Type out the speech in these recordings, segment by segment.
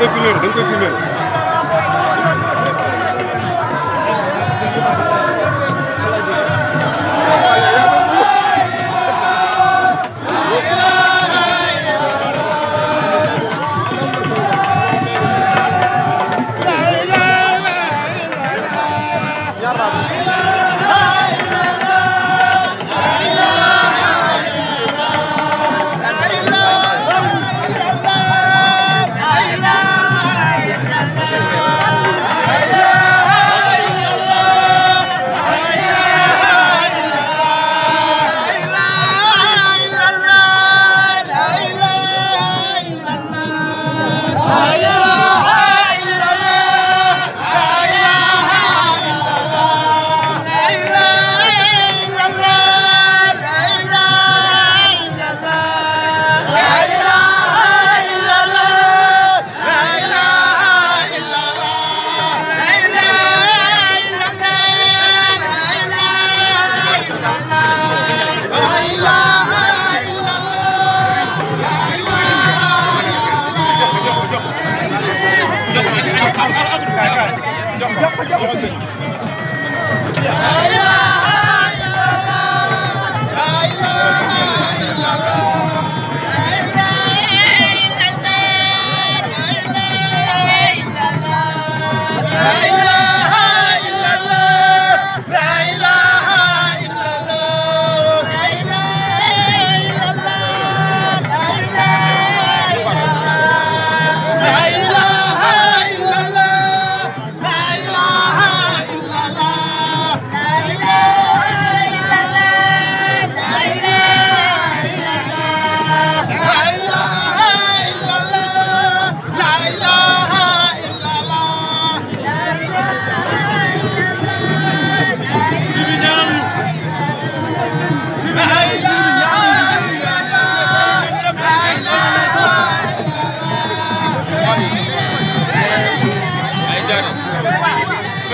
koy filmer da nga koy filmer Yeah, jàpp jàpp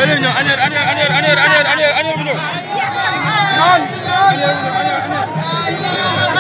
Allez, non, allez, allez, allez, allez, allez, allez, allez, allez, allez, allez, allez, allez, allez, allez, allez, allez, allez, allez,